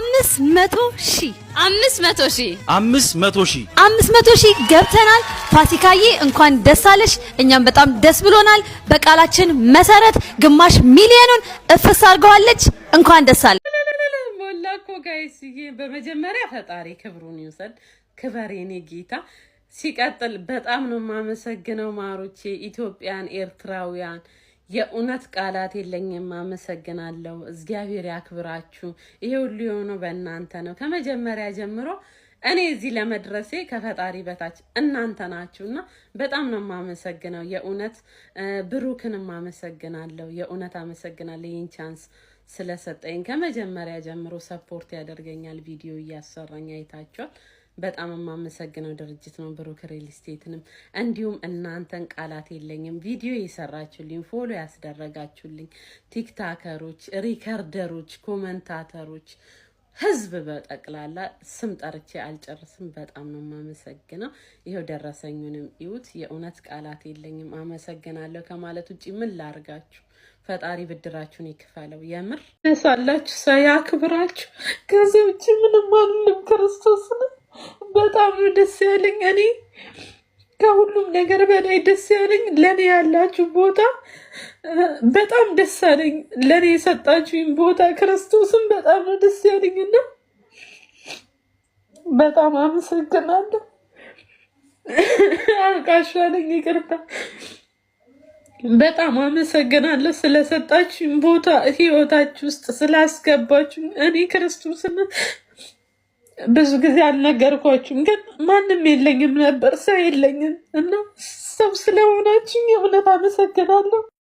አምስት መቶ ሺህ አምስት መቶ ሺህ አምስት መቶ ሺህ አምስት መቶ ሺህ ገብተናል። ፋሲካዬ እንኳን ደስ አለሽ። እኛም በጣም ደስ ብሎናል። በቃላችን መሰረት ግማሽ ሚሊዮኑን እፍስ አድርገዋለች። እንኳን ደስ አለ ሞላ እኮ ጋይስዬ። በመጀመሪያ ፈጣሪ ክብሩን ይውሰድ። ክበር የኔ ጌታ። ሲቀጥል በጣም ነው የማመሰግነው ማሮቼ፣ ኢትዮጵያን ኤርትራውያን የእውነት ቃላት የለኝም። አመሰግናለሁ። እግዚአብሔር ያክብራችሁ። ይሄ ሁሉ የሆነው በእናንተ ነው። ከመጀመሪያ ጀምሮ እኔ እዚህ ለመድረሴ ከፈጣሪ በታች እናንተ ናችሁ እና በጣም ነው የማመሰግነው። የእውነት ብሩክንም አመሰግናለሁ። የእውነት አመሰግናለሁ ይህን ቻንስ ስለሰጠኝ። ከመጀመሪያ ጀምሮ ሰፖርት ያደርገኛል፣ ቪዲዮ እያሰራኝ አይታችኋል። በጣም የማመሰግነው ድርጅት ነው ብሩክ ሪል ስቴትንም፣ እንዲሁም እናንተን ቃላት የለኝም። ቪዲዮ የሰራችሁልኝ፣ ፎሎ ያስደረጋችሁልኝ ቲክታከሮች፣ ሪከርደሮች፣ ኮመንታተሮች ህዝብ በጠቅላላ ስም ጠርቼ አልጨርስም። በጣም ነው የማመሰግነው። ይኸው ደረሰኙንም ይዩት። የእውነት ቃላት የለኝም። አመሰግናለሁ ከማለት ውጭ ምን ላርጋችሁ? ፈጣሪ ብድራችሁን ይክፈለው። የምር ነሳላችሁ፣ ሰው ያክብራችሁ። ከዚህ ውጭ ምንም አልልም። ክርስቶስ ነው በጣም ነው ደስ ያለኝ። እኔ ከሁሉም ነገር በላይ ደስ ያለኝ ለእኔ ያላችሁ ቦታ በጣም ደስ ያለኝ፣ ለእኔ የሰጣችሁኝ ቦታ ክርስቶስም በጣም ነው ደስ ያለኝ እና በጣም አመሰግናለሁ። አልቃሻ ነኝ፣ ይቅርታ። በጣም አመሰግናለሁ ስለሰጣችሁኝ ቦታ ህይወታችሁ ውስጥ ስላስገባችሁ እኔ ክርስቶስና ብዙ ጊዜ አልነገርኳችሁም፣ ግን ማንም የለኝም ነበር፣ ሰው የለኝም እና ሰው ስለሆናችሁ የእውነት አመሰግናለሁ።